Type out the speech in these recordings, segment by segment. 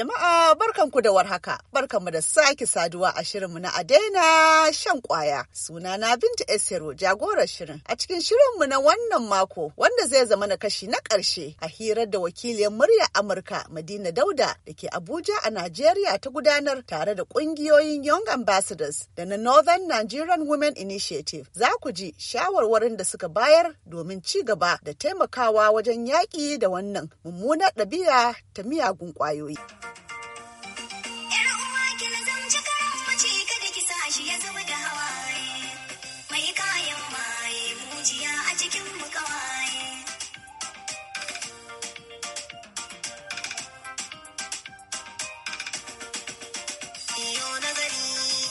Jama'a barkanku da warhaka, barkanmu da sake saduwa a shirinmu na daina shan kwaya. suna na Binta Esero jagorar shirin. A cikin shirinmu na wannan mako wanda zai zama na kashi na karshe a hirar da wakiliyar murya Amurka Madina Dauda da ke Abuja a Najeriya ta gudanar tare da ƙungiyoyin Young Ambassadors da na Northern Nigerian Women Initiative. Za ku ji shawarwarin da suka bayar domin ci gaba da taimakawa wajen yaƙi da wannan mummunar ɗabi'a ta miyagun ƙwayoyi. yi kayan maye mujiya a cikin mu kawaye iyo nazari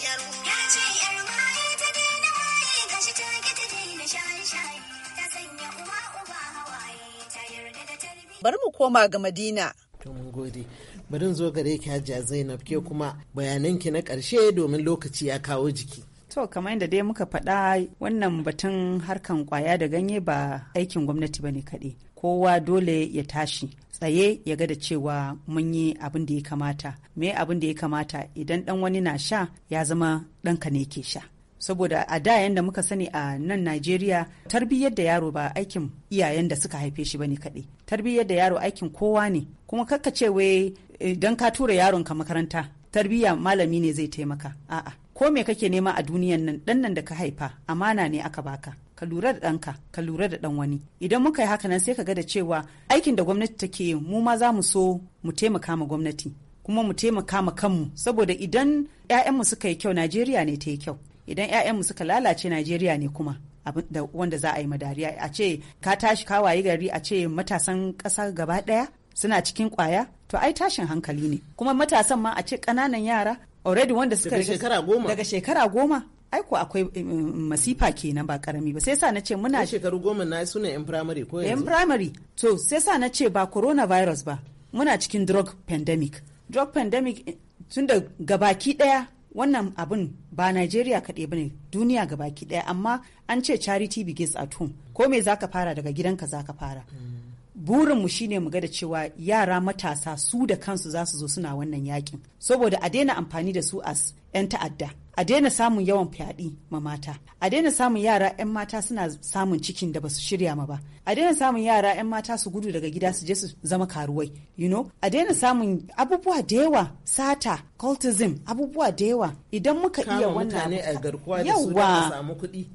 yar ya ce yar maye ta daina maye gashi ta ki ta daina shaye-shaye ta sanya uwa uba hawaye ta yarda da tarbiyya bari mu koma ga madina to mun gode bari zo gare ki hajji zainab ke kuma bayananki na ƙarshe domin lokaci ya kawo jiki To kamar yadda dai muka faɗa wannan batun harkan kwaya da ganye ba aikin gwamnati ba ne kaɗai. Kowa dole ya tashi tsaye ya ga da cewa mun yi abin da ya kamata. Me abin da ya kamata idan ɗan wani na sha ya zama ɗanka ne ke sha. saboda a da yanda muka sani a nan Najeriya tarbiyyar da yaro ba aikin iyayen da suka haife shi ba ne kaɗai tarbiyyar da yaro aikin kowa ne kuma kakka ce wai idan eh, ka tura yaron ka makaranta tarbiyya malami ne zai taimaka a'a ko me kake nema a duniyan nan dan nan da ka haifa amana ne aka baka ka lura da ɗanka ka lura da ɗan wani idan muka yi haka nan sai ka ga da cewa aikin da gwamnati take mu ma za mu so mu taimaka ma gwamnati kuma mu taimaka ma kanmu saboda idan ƴaƴanmu suka yi kyau najeriya ne ta yi kyau idan ƴaƴanmu suka lalace najeriya ne kuma Abin da wanda za a yi madariya a ce ka tashi ka wayi gari a ce matasan ƙasa gaba ɗaya suna cikin kwaya to ai tashin hankali ne kuma matasan ma a ce kananan yara already wanda suka daga shekara goma daga ai ko akwai mm, mm, masifa kenan ba karami ba sai sa na ce muna shekaru goma na suna yan primary ko yanzu yan primary to sai sa na ce ba coronavirus ba muna cikin drug pandemic drug pandemic eh, tun da gabaki daya wannan abin ba Najeriya kaɗai bane duniya gabaki daya amma an ce charity begins at home ko me zaka fara daga gidanka zaka fara mm. burinmu shine mu ga da cewa yara matasa su da kansu za su zo suna wannan yakin saboda a daina amfani da su as 'yan ta'adda a daina samun yawan fyaɗe ma mata a daina samun yara 'yan mata suna samun cikin da basu shirya ma ba a daina samun yara 'yan mata su gudu daga gida su je su zama karuwai you know a daina samun abubuwa da yawa sata cultism abubuwa da yawa idan muka iya wannan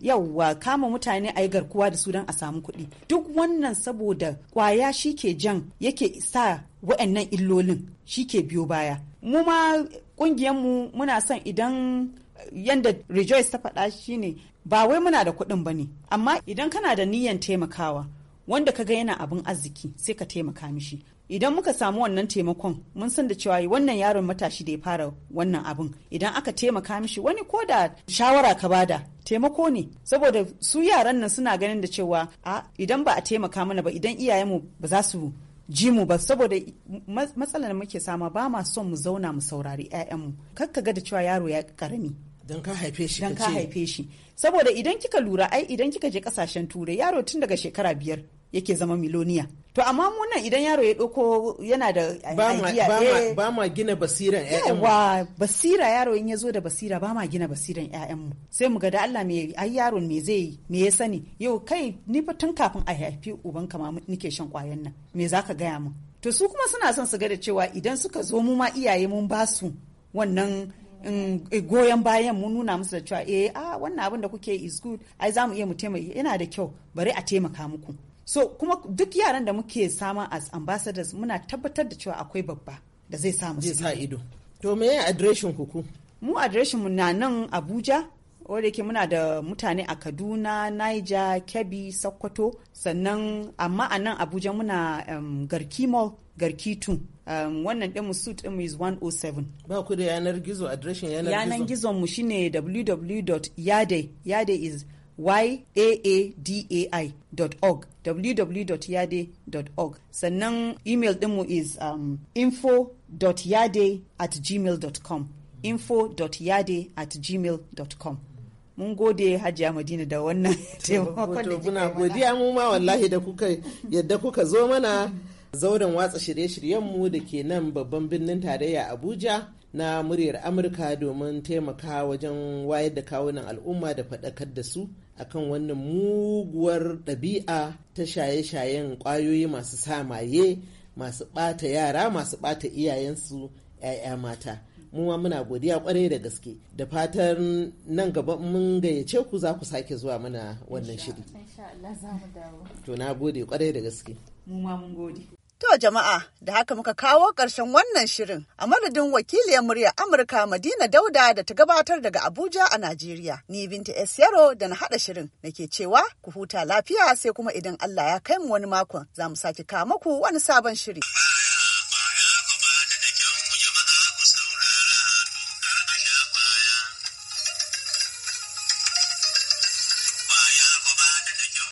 yawwa kama mutane a yi garkuwa da su don a samu kuɗi duk wannan saboda kwaya shi ke jan yake sa wa'annan illolin shi ke biyo baya mu ma mu muna son idan yanda rejoice ta faɗa shi ne ba wai muna da kuɗin ba ne amma idan kana da niyan taimakawa wanda ka ga yana abin arziki sai ka taimaka mishi idan muka samu wannan taimakon mun san da cewa wannan yaron matashi da ya fara wannan abin idan aka taimaka mishi wani ko da shawara ka bada taimako ne saboda su yaran nan suna ganin da cewa a idan ba a taimaka mana ba idan iyayenmu ba za su ji mu ba saboda matsalar da muke sama ba ma son mu zauna mu saurari 'ya'yanmu ka ga da cewa yaro ya karami don ka haife shi don ka haife shi saboda idan kika lura ai idan kika je kasashen turai yaro tun daga shekara biyar yake zama miloniya to amma mu nan idan yaro ya ɗauko yana da ba ma eh. gina basiran Yawa basira yaro in ya zo da basira ba ma gina basiran ƴaƴan mu sai mu ga da Allah me ai yaron me zai me ya sani yau kai ni fa tun kafin a haifi uban kama nike shan kwayan nan me zaka gaya min to su kuma suna son su ga da cewa idan suka zo mu ma iyaye mun ba su wannan mm, eh, goyon bayan mu nuna musu da cewa eh a ah, wannan abin da kuke is good ai za mu iya mu taimaka yana da kyau bari a taimaka muku so kuma duk yaran da muke sama as ambassadors muna tabbatar da cewa akwai babba da zai samu zai sa ido to me ya adireshin ku ku mu adireshin mu na nan abuja wanda yake muna da mutane a kaduna niger kebbi sokoto sannan amma a nan abuja muna um, garki mall garki tun um, wannan ɗin suit ɗin is 107 ba ku da yanar gizo adireshin yanar gizo yanar gizon mu shine www.yade yade is yaadai.org www.yade.org sannan email dinmu is um, info.yade at gmail.com info.yade at gmail.com mun gode hajiya madina da wannan taimakon da muna godiya mu ma wallahi da kuka yadda kuka zo mana zauren watsa shirye-shiryenmu da ke nan babban birnin tarayya abuja na muryar amurka domin taimaka wajen wayar da kawunan al'umma da faɗakar da su akan wannan muguwar ɗabi'a ta shaye-shayen ƙwayoyi masu sa maye masu ɓata yara masu ɓata iyayensu 'ya'ya mata mu ma muna godiya kwarai da gaske da fatan nan gaba mun gayyace ku za ku sake zuwa mana wannan shiri to na gode kwarai da gaske mu ma mun gode To jama'a da haka muka kawo ƙarshen wannan shirin a madadin wakiliyar murya Amurka Madina Dauda da ta gabatar daga Abuja a Najeriya. Ni Binta S. Yaro da na haɗa shirin nake cewa ku huta lafiya sai kuma idan Allah ya kai mu wani makon za mu sake kawo muku wani sabon shiri.